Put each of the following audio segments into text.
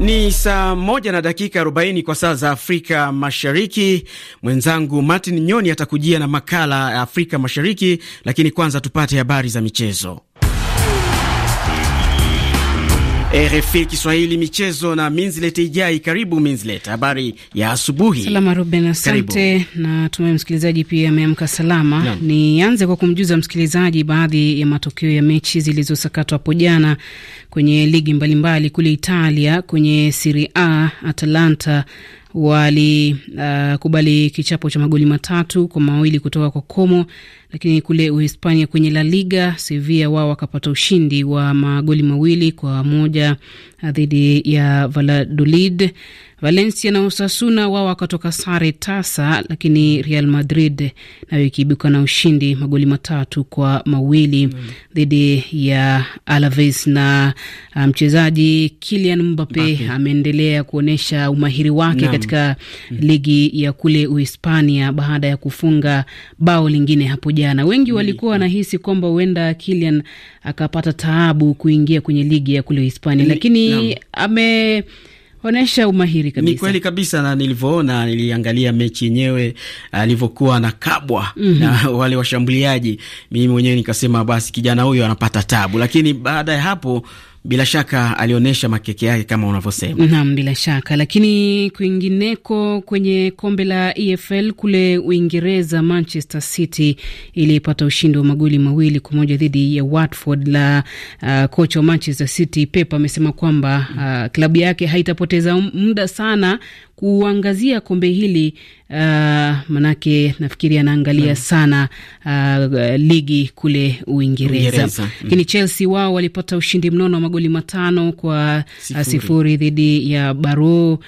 Ni saa moja na dakika 40 kwa saa za Afrika Mashariki. Mwenzangu Martin Nyoni atakujia na makala ya Afrika Mashariki, lakini kwanza tupate habari za michezo. Eh, RFI Kiswahili michezo na Minzlet Ijai. Karibu Minzlet, habari ya asubuhi. Salama Ruben, asante na tumai msikilizaji pia ameamka salama no. Nianze kwa kumjuza msikilizaji baadhi ya matokeo ya mechi zilizosakatwa hapo jana kwenye ligi mbalimbali mbali. Kule Italia kwenye Serie A Atalanta walikubali uh, kichapo cha magoli matatu kwa mawili kutoka kwa Como, lakini kule Uhispania kwenye La Liga Sevilla wao wakapata ushindi wa magoli mawili kwa moja uh, dhidi ya Valladolid. Valencia na Osasuna wao wakatoka sare tasa, lakini Real Madrid nayo ikiibuka na ushindi magoli matatu kwa mawili dhidi mm. ya Alaves na uh, mchezaji um, Kylian Mbappe ameendelea kuonyesha umahiri wake Nam. katika mm. ligi ya kule Uhispania baada ya kufunga bao lingine hapo jana. Wengi walikuwa wanahisi kwamba huenda Kylian akapata taabu kuingia kwenye ligi ya kule Uhispania, lakini ame Onesha umahiri kabisa. Ni kweli kabisa, na nilivyoona, niliangalia mechi yenyewe alivyokuwa ah, anakabwa mm -hmm. na mhm. wale washambuliaji, mimi mwenyewe nikasema basi kijana huyo anapata tabu, lakini baada ya hapo bila shaka alionyesha makeke yake kama unavyosema. Naam, bila shaka. Lakini kwingineko kwenye kombe la EFL kule Uingereza, Manchester City ilipata ushindi wa magoli mawili kwa moja dhidi ya Watford. La uh, kocha wa Manchester City Pep amesema kwamba uh, klabu yake haitapoteza muda sana kuangazia kombe hili uh, manake nafikiri anaangalia mm. sana uh, ligi kule Uingereza. Hmm. Lakini mm. Chelsea wao walipata ushindi mnono wa magoli matano kwa uh, sifuri, sifuri dhidi ya baro uh,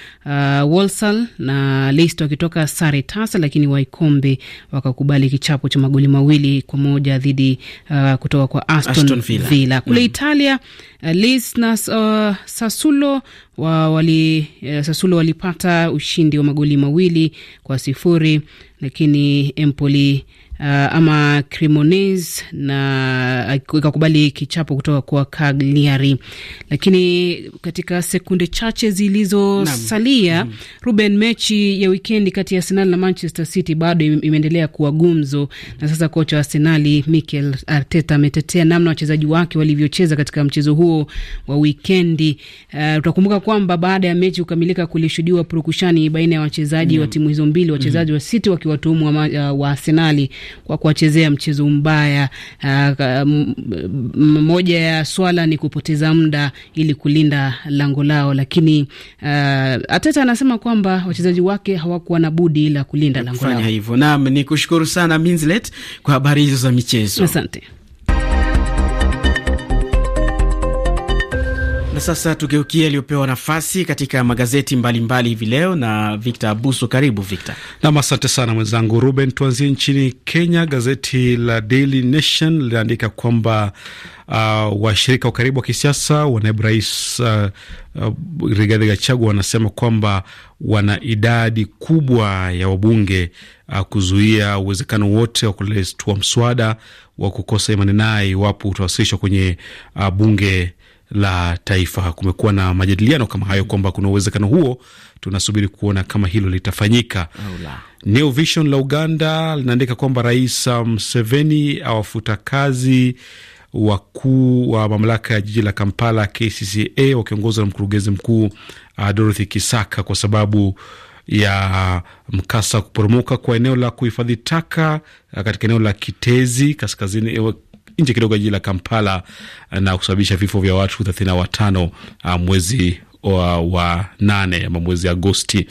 Walsall na list wakitoka sare tasa, lakini Waikombe wakakubali kichapo cha magoli mawili kwa moja dhidi uh, kutoka kwa Aston, Aston Villa. Villa kule mm. Italia uh, Leeds na uh, Sassuolo wa wali, eh, Sasulu walipata ushindi wa magoli mawili kwa sifuri, lakini Empoli uh, ama Cremonese na uh, ikakubali kichapo kutoka kwa Cagliari, lakini katika sekunde chache zilizosalia mm. Ruben, mechi ya wikendi kati ya Arsenal na Manchester City bado imeendelea kuwa gumzo, na sasa kocha wa Arsenal Mikel Arteta ametetea namna wachezaji wake walivyocheza katika mchezo huo wa wikendi. Uh, utakumbuka kwamba baada ya mechi kukamilika kulishuhudiwa purukushani baina ya wachezaji mm. wa timu hizo mbili, wachezaji mm. wa City wakiwatuhumu wa, uh, wa Arsenali kwa kuwachezea mchezo mbaya. Uh, moja ya swala ni kupoteza muda ili kulinda lango lao, lakini uh, Ateta anasema kwamba wachezaji wake hawakuwa na budi ila kulinda lango lao. Fanya hivyo. Naam, nikushukuru sana minslet kwa habari hizo za michezo. Asante. Na sasa tugeukie aliyopewa nafasi katika magazeti mbalimbali hivi leo na Victor Abuso. Karibu Victor. Nam, asante sana mwenzangu Ruben. Tuanzie nchini Kenya. Gazeti la Daily Nation linaandika kwamba uh, washirika wa karibu wa kisiasa wa naibu rais uh, uh, Rigathi Gachagua wanasema kwamba wana idadi kubwa ya wabunge uh, kuzuia uwezekano wote wa kuletua mswada wa kukosa imani naye iwapo utawasilishwa kwenye uh, bunge la taifa. Kumekuwa na majadiliano kama hayo kwamba kuna uwezekano huo, tunasubiri kuona kama hilo litafanyika. New Vision la Uganda linaandika kwamba Rais uh, Mseveni awafuta kazi wakuu wa mamlaka ya jiji la Kampala KCCA wakiongozwa na mkurugenzi mkuu uh, Dorothy Kisaka kwa sababu ya mkasa wa kuporomoka kwa eneo la kuhifadhi taka uh, katika eneo la Kitezi kaskazini eh, nje kidogo ya jiji la Kampala eh, na kusababisha vifo vya watu thelathini na watano ah, mwezi wa, wa nane ama mwezi Agosti.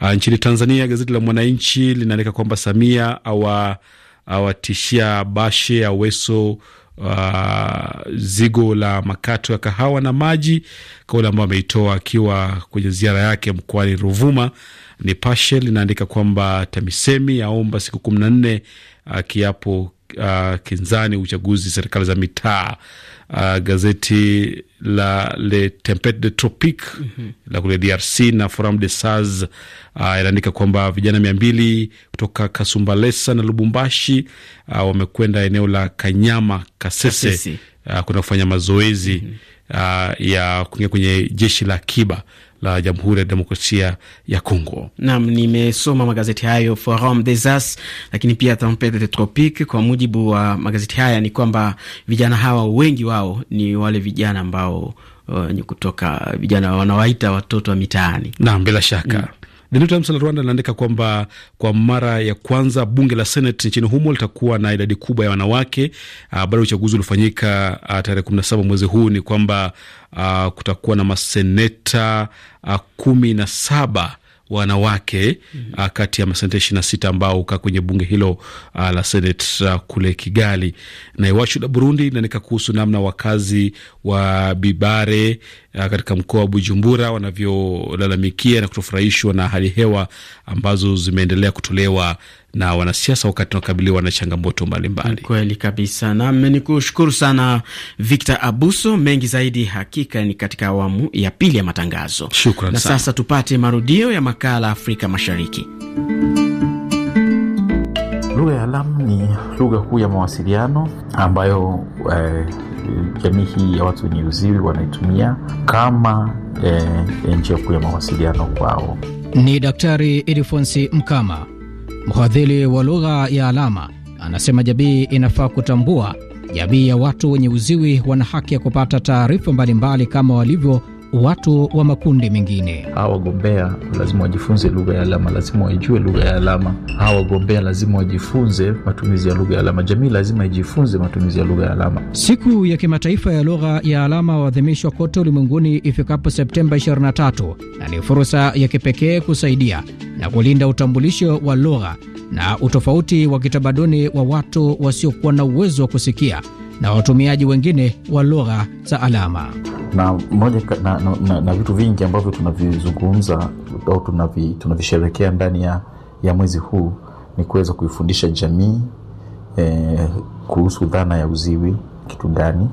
Ah, nchini Tanzania, gazeti la Mwananchi linaandika kwamba Samia awa awatishia Bashe Aweso Uh, ah, zigo la makato ya kahawa na maji, kauli ambayo ameitoa akiwa kwenye ziara yake mkoani Ruvuma. Nipashe linaandika kwamba TAMISEMI aomba siku kumi na nne uh, uh, kinzani uchaguzi serikali za mitaa. Uh, gazeti la Le Tempete de Tropique mm -hmm. la kule DRC na Forum de Sas uh, inaandika kwamba vijana mia mbili kutoka Kasumbalesa na Lubumbashi uh, wamekwenda eneo la Kanyama Kasese, Kasese. Uh, kuna kufanya mazoezi mm -hmm uh, ya kuingia kwenye jeshi la akiba la Jamhuri ya Demokrasia ya congo Naam, nimesoma magazeti hayo Forum des As, lakini pia Tempete des Kwa mujibu wa magazeti haya ni kwamba vijana hawa wengi wao ni wale vijana ambao Uh, ni kutoka vijana wanawaita watoto wa mitaani. Naam, bila shaka mm. The New Times la Rwanda linaandika kwamba kwa mara ya kwanza bunge la Senate nchini humo litakuwa na idadi kubwa ya wanawake ah, baada ya uchaguzi uliofanyika ah, tarehe saba mwezi huu. Ni kwamba ah, kutakuwa na maseneta kumi na saba wanawake mm-hmm. kati ya maseneta ishirini na sita ambao ukaa kwenye bunge hilo uh, la senate uh, kule Kigali. Na Iwachu la Burundi inaandika kuhusu namna wakazi wa Bibare uh, katika mkoa wa Bujumbura wanavyolalamikia na kutofurahishwa na hali hewa ambazo zimeendelea kutolewa na wanasiasa wakati wanakabiliwa na changamoto mbalimbali. Kweli kabisa, nam ni kushukuru sana Victor Abuso. Mengi zaidi hakika ni katika awamu ya pili ya matangazo. Shukran na sana. Sasa tupate marudio ya makala Afrika Mashariki. Lugha ya alama ni lugha kuu ya mawasiliano ambayo eh, jamii hii ya watu wenye uziwi wanaitumia kama eh, njia kuu ya mawasiliano kwao. Ni Daktari Edifonsi Mkama Mhadhiri wa lugha ya alama anasema jamii inafaa kutambua jamii ya watu wenye uziwi wana haki ya kupata taarifa mbalimbali kama walivyo watu wa makundi mengine. Hawa wagombea lazima wajifunze lugha ya alama, lazima waijue lugha ya alama. Hawa wagombea lazima wajifunze matumizi ya lugha ya alama. Jamii lazima ijifunze matumizi ya lugha ya alama. Siku ya kimataifa ya lugha ya alama waadhimishwa kote ulimwenguni ifikapo Septemba 23 na ni fursa ya kipekee kusaidia na kulinda utambulisho wa lugha na utofauti wa kitamaduni wa watu wasiokuwa na uwezo wa kusikia na watumiaji wengine wa lugha za alama na, moja, na, na, na, na vitu vingi ambavyo tunavizungumza au tunavi, tunavisherekea ndani ya, ya mwezi huu ni kuweza kuifundisha jamii eh, kuhusu dhana ya uziwi, kitu gani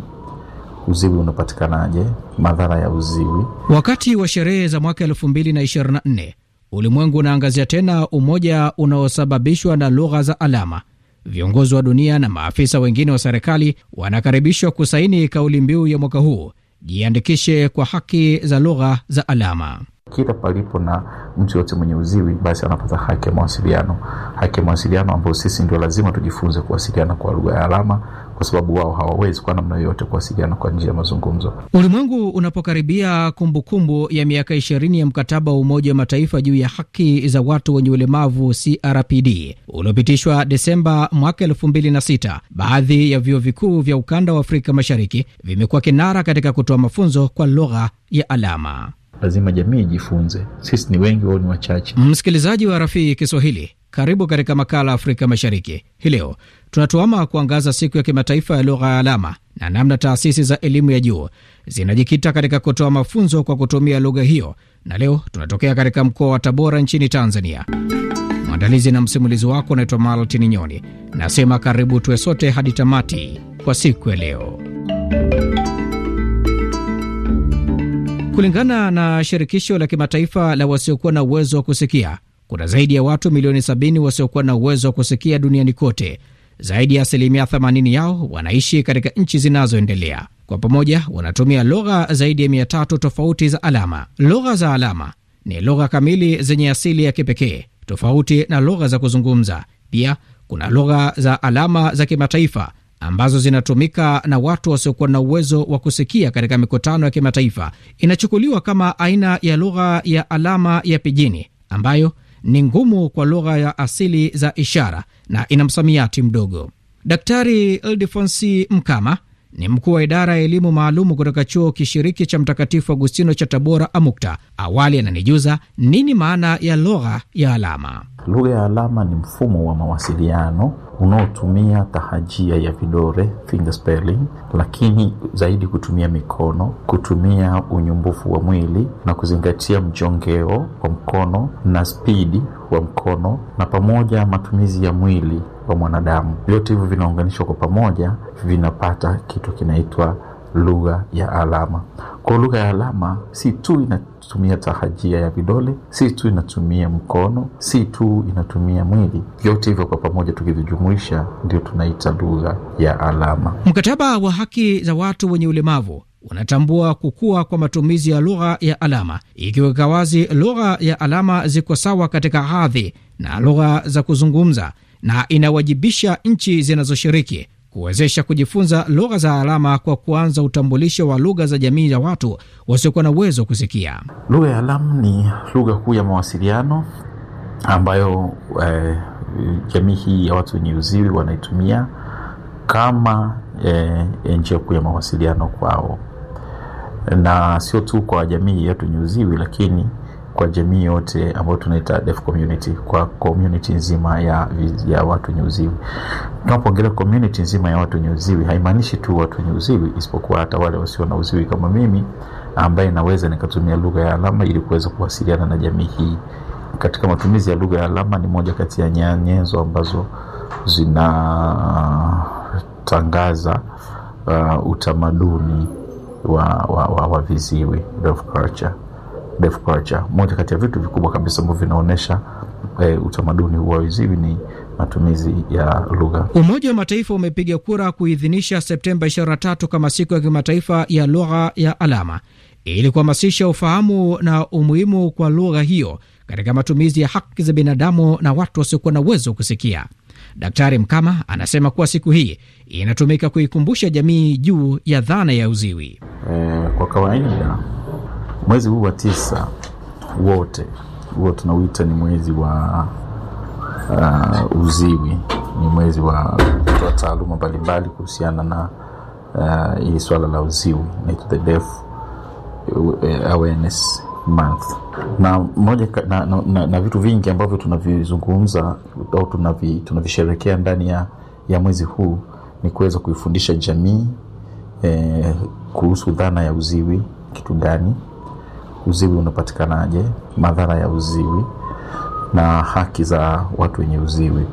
uziwi unapatikanaje, madhara ya uziwi. Wakati wa sherehe za mwaka 224 ulimwengu unaangazia tena umoja unaosababishwa na lugha za alama Viongozi wa dunia na maafisa wengine wa serikali wanakaribishwa kusaini kauli mbiu ya mwaka huu, jiandikishe kwa haki za lugha za alama. Kila palipo na mtu yote mwenye uziwi basi anapata haki ya mawasiliano, haki ya mawasiliano ambayo sisi ndio lazima tujifunze kuwasiliana kwa lugha ya alama kwa sababu wao hawawezi kwa namna yoyote kuwasiliana kwa njia ya mazungumzo. Ulimwengu unapokaribia kumbukumbu kumbu ya miaka ishirini ya mkataba wa Umoja wa Mataifa juu ya haki za watu wenye ulemavu CRPD uliopitishwa Desemba mwaka elfu mbili na sita, baadhi ya vyuo vikuu vya ukanda wa Afrika Mashariki vimekuwa kinara katika kutoa mafunzo kwa lugha ya alama. Lazima jamii ijifunze, sisi ni wengi, wao ni wachache. Msikilizaji wa Rafii Kiswahili, karibu katika makala ya Afrika Mashariki. Hii leo tunatuama kuangaza siku ya kimataifa ya lugha ya alama na namna taasisi za elimu ya juu zinajikita katika kutoa mafunzo kwa kutumia lugha hiyo, na leo tunatokea katika mkoa wa Tabora nchini Tanzania. Mwandalizi na msimulizi wako unaitwa Maltini Nyoni, nasema karibu tuwe sote hadi tamati kwa siku ya leo. Kulingana na shirikisho la kimataifa la wasiokuwa na uwezo wa kusikia kuna zaidi ya watu milioni 70 wasiokuwa na uwezo wa kusikia duniani kote. Zaidi ya asilimia 80 yao wanaishi katika nchi zinazoendelea. Kwa pamoja wanatumia lugha zaidi ya mia tatu tofauti za alama. Lugha za alama ni lugha kamili zenye asili ya kipekee, tofauti na lugha za kuzungumza. Pia kuna lugha za alama za kimataifa ambazo zinatumika na watu wasiokuwa na uwezo wa kusikia katika mikutano ya kimataifa. Inachukuliwa kama aina ya lugha ya alama ya pijini ambayo ni ngumu kwa lugha ya asili za ishara na ina msamiati mdogo. Daktari Ildefonsi Mkama ni mkuu wa idara ya elimu maalumu kutoka chuo kishiriki cha Mtakatifu Agustino cha Tabora, AMUKTA. Awali ananijuza nini maana ya lugha ya alama. Lugha ya alama ni mfumo wa mawasiliano unaotumia tahajia ya vidole spelling, lakini zaidi kutumia mikono, kutumia unyumbufu wa mwili na kuzingatia mjongeo wa mkono na spidi wa mkono na pamoja matumizi ya mwili wa mwanadamu. Vyote hivyo vinaunganishwa kwa pamoja, vinapata kitu kinaitwa lugha ya alama. Kwa lugha ya alama, si tu inatumia tahajia ya vidole, si tu inatumia mkono, si tu inatumia mwili. Vyote hivyo kwa pamoja tukivijumuisha, ndio tunaita lugha ya alama. Mkataba wa haki za watu wenye ulemavu unatambua kukua kwa matumizi ya lugha ya alama, ikiweka wazi lugha ya alama ziko sawa katika hadhi na lugha za kuzungumza na inawajibisha nchi zinazoshiriki kuwezesha kujifunza lugha za alama kwa kuanza utambulisho wa lugha za jamii ya watu wasiokuwa na uwezo wa kusikia. Lugha ya alama ni lugha kuu ya mawasiliano ambayo eh, jamii hii ya watu wenye uziwi wanaitumia kama eh, njia kuu ya mawasiliano kwao, na sio tu kwa jamii yetu wenye uziwi, lakini kwa jamii yote ambayo tunaita deaf community, kwa community nzima ya, ya watu wenye uziwi. Tunapoongelea community nzima ya watu wenye uziwi, haimaanishi tu watu wenye uziwi, isipokuwa hata wale wasio na uziwi kama mimi, ambaye naweza nikatumia lugha ya alama ili kuweza kuwasiliana na jamii hii. Katika matumizi ya lugha ya alama, ni moja kati ya nyenzo ambazo zinatangaza uh, utamaduni wa, wa, wa, wa viziwi deaf culture deaf culture. Moja kati ya vitu vikubwa kabisa ambavyo vinaonyesha e, eh, utamaduni wa uziwi ni matumizi ya lugha. Umoja wa Mataifa umepiga kura kuidhinisha Septemba 23 kama siku ya kimataifa ya lugha ya alama ili kuhamasisha ufahamu na umuhimu kwa lugha hiyo katika matumizi ya haki za binadamu na watu wasiokuwa na uwezo wa kusikia. Daktari Mkama anasema kuwa siku hii inatumika kuikumbusha jamii juu ya dhana ya uziwi. E, kwa kawaida Mwezi huu wa tisa wote huo tunauita ni mwezi wa uh, uziwi, ni mwezi wa kutoa taaluma mbalimbali kuhusiana na uh, hili swala la uziwi, inaitwa the deaf awareness month na moja na, na, na, na vitu vingi ambavyo tunavizungumza au tunavi, tunavisherekea ndani ya, ya mwezi huu ni kuweza kuifundisha jamii eh, kuhusu dhana ya uziwi kitu gani uziwi unapatikanaje, madhara ya uziwi na haki za watu wenye uziwi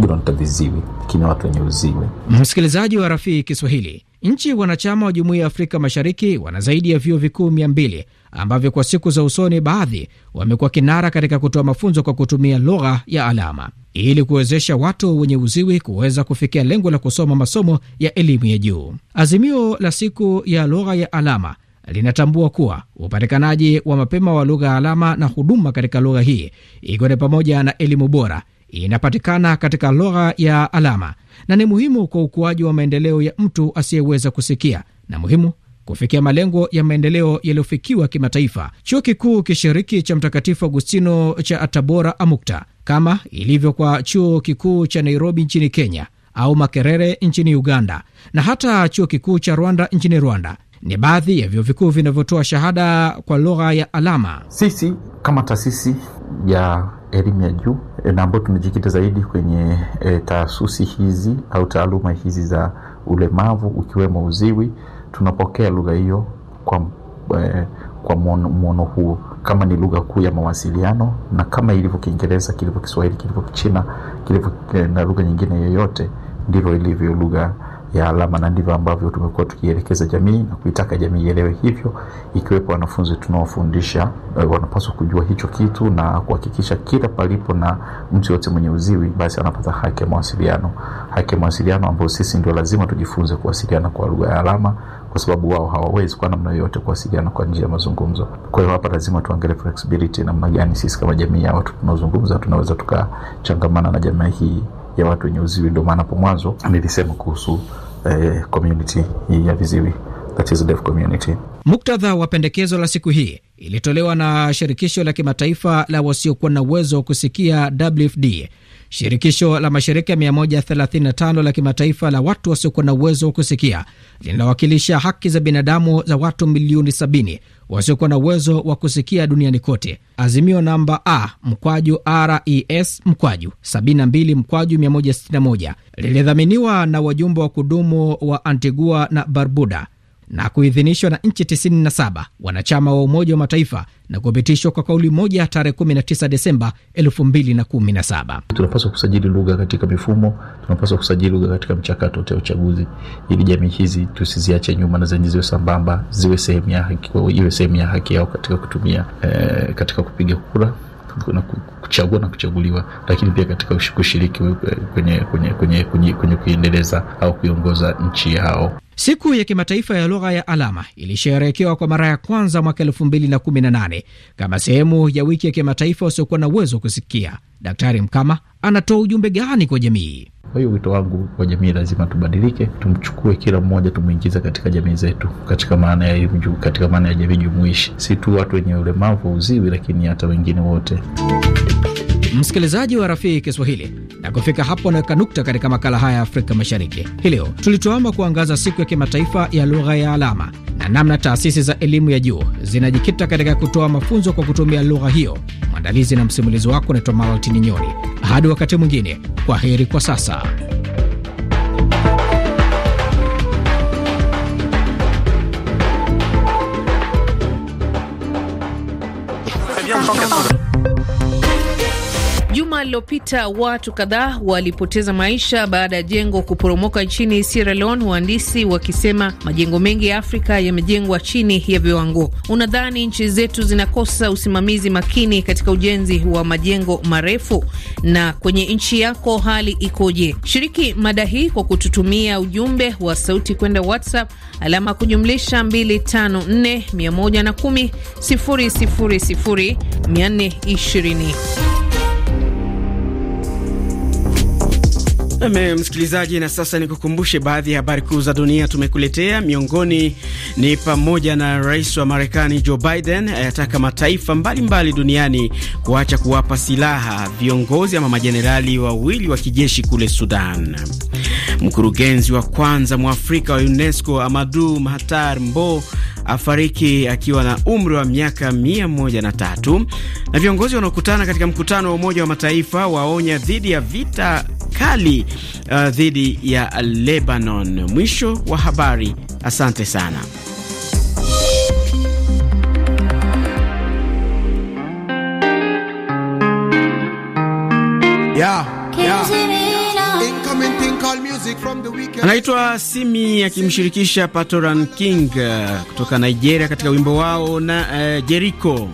Bila viziwi lakini watu wenye uziwi. Msikilizaji wa Rafii Kiswahili, nchi wanachama wa Jumuiya ya Afrika Mashariki wana zaidi ya vyuo vikuu mia mbili ambavyo kwa siku za usoni baadhi wamekuwa kinara katika kutoa mafunzo kwa kutumia lugha ya alama ili kuwezesha watu wenye uziwi kuweza kufikia lengo la kusoma masomo ya elimu ya juu. Azimio la siku ya lugha ya alama linatambua kuwa upatikanaji wa mapema wa lugha ya alama na huduma katika lugha hii ikiwa ni pamoja na elimu bora inapatikana katika lugha ya alama na ni muhimu kwa ukuaji wa maendeleo ya mtu asiyeweza kusikia na muhimu kufikia malengo ya maendeleo yaliyofikiwa kimataifa. Chuo Kikuu Kishiriki cha Mtakatifu Agustino cha Atabora Amukta, kama ilivyo kwa Chuo Kikuu cha Nairobi nchini Kenya au Makerere nchini Uganda na hata Chuo Kikuu cha Rwanda nchini Rwanda ni baadhi ya vyuo vikuu vinavyotoa shahada kwa lugha ya alama. Sisi kama taasisi ya elimu ya juu eh, na ambayo tumejikita zaidi kwenye e, eh, taasusi hizi au taaluma hizi za ulemavu ukiwemo uziwi, tunapokea lugha hiyo kwa, e, kwa mwono huo kama ni lugha kuu ya mawasiliano, na kama ilivyo Kiingereza, kilivyo Kiswahili, kilivyo Kichina, kilivyo na lugha nyingine yoyote, ndivyo ilivyo lugha ya alama, na ndivyo ambavyo tumekuwa tukielekeza jamii na kuitaka jamii ielewe hivyo, ikiwepo wanafunzi tunaofundisha eh, wanapaswa kujua hicho kitu na kuhakikisha kila palipo na mtu yote mwenye uziwi basi anapata haki ya mawasiliano, haki ya mawasiliano ambayo sisi ndio lazima tujifunze kuwasiliana kwa lugha ya alama kwa sababu wao hawawezi kwa namna yoyote kuwasiliana kwa njia ya mazungumzo. Kwa hiyo hapa lazima tuangalie flexibility, namna gani sisi kama jamii ya watu tunaozungumza tunaweza tukachangamana na jamii hii ya watu wenye uziwi. Ndio maana hapo mwanzo nilisema kuhusu eh, community ya viziwi that is deaf community. Muktadha wa pendekezo la siku hii ilitolewa na shirikisho la kimataifa la wasiokuwa na uwezo wa kusikia WFD Shirikisho la mashirika ya 135 la kimataifa la watu wasiokuwa na uwezo wa kusikia linawakilisha haki za binadamu za watu milioni 70 wasiokuwa na uwezo wa kusikia duniani kote. Azimio namba A mkwaju RES mkwaju 72 mkwaju 161 lilidhaminiwa na wajumbe wa kudumu wa Antigua na Barbuda na kuidhinishwa na nchi 97 wanachama wa Umoja wa Mataifa na kupitishwa kwa kauli moja tarehe 19 Desemba 2017. Tunapaswa kusajili lugha katika mifumo, tunapaswa kusajili lugha katika mchakato wote wa uchaguzi, ili jamii hizi tusiziache nyuma na zenye ziwe sambamba, ziwe sehemu ya haki, iwe sehemu ya haki yao katika kutumia eh, katika kupiga kura na kuchagua na kuchaguliwa, lakini pia katika kushiriki kwenye, kwenye, kwenye, kwenye, kwenye kuiendeleza au kuiongoza nchi yao. Siku ya kimataifa ya lugha ya alama ilisherehekewa kwa mara ya kwanza mwaka 2018 kama sehemu ya wiki ya kimataifa wasiokuwa na uwezo wa kusikia. Daktari Mkama anatoa ujumbe gani kwa jamii? Kwa hiyo wito wangu kwa jamii, lazima tubadilike, tumchukue kila mmoja, tumwingize katika jamii zetu, katika maana ya elimu juu, katika maana ya jamii jumuishi, si tu watu wenye ulemavu uziwi, lakini hata wengine wote msikilizaji wa Rafiki Kiswahili, na kufika hapo unaweka nukta katika makala haya ya Afrika Mashariki hii leo. Tulituama kuangaza siku ya kimataifa ya lugha ya alama na namna taasisi za elimu ya juu zinajikita katika kutoa mafunzo kwa kutumia lugha hiyo. Mwandalizi na msimulizi wako unaitwa Malatini Nyoni. Hadi wakati mwingine, kwa heri kwa sasa. Juma lililopita watu kadhaa walipoteza maisha baada ya jengo kuporomoka nchini Sierra Leone, wahandisi wakisema majengo mengi ya Afrika yamejengwa chini ya viwango. Unadhani nchi zetu zinakosa usimamizi makini katika ujenzi wa majengo marefu? Na kwenye nchi yako hali ikoje? Shiriki mada hii kwa kututumia ujumbe wa sauti kwenda WhatsApp alama kujumlisha 254 110 000 420. Nam eh, msikilizaji, na sasa ni kukumbushe baadhi ya habari kuu za dunia tumekuletea. Miongoni ni pamoja na rais wa Marekani Joe Biden ayataka eh, mataifa mbalimbali mbali duniani kuacha kuwapa silaha viongozi ama majenerali wawili wa kijeshi kule Sudan. Mkurugenzi wa kwanza mwafrika wa UNESCO Amadu Mahatar Mbo afariki akiwa na umri wa miaka mia moja na tatu. Na viongozi wanaokutana katika mkutano wa Umoja wa Mataifa waonya dhidi ya vita kali uh, dhidi ya Lebanon. Mwisho wa habari. Asante sana. Anaitwa Simi akimshirikisha Patoran King uh, kutoka Nigeria katika wimbo wao na uh, Jericho.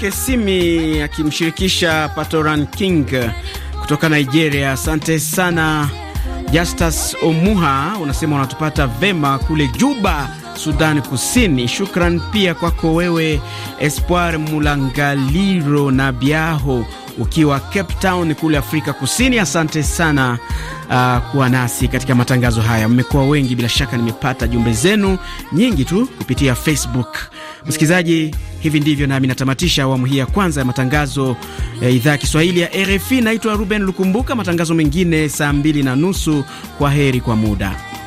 kwake Simi akimshirikisha Patoran King kutoka Nigeria. Asante sana Justus Omuha, unasema unatupata vema kule Juba, Sudan Kusini. Shukran pia kwako wewe Espoir Mulangaliro na Biaho ukiwa Cape Town kule Afrika Kusini. Asante sana uh, kuwa nasi katika matangazo haya. Mmekuwa wengi bila shaka, nimepata jumbe zenu nyingi tu kupitia Facebook Msikilizaji, hivi ndivyo nami natamatisha awamu hii ya kwanza ya matangazo ya eh, idhaa ya Kiswahili ya RFI. Naitwa Ruben Lukumbuka. Matangazo mengine saa mbili na nusu. Kwa heri kwa muda.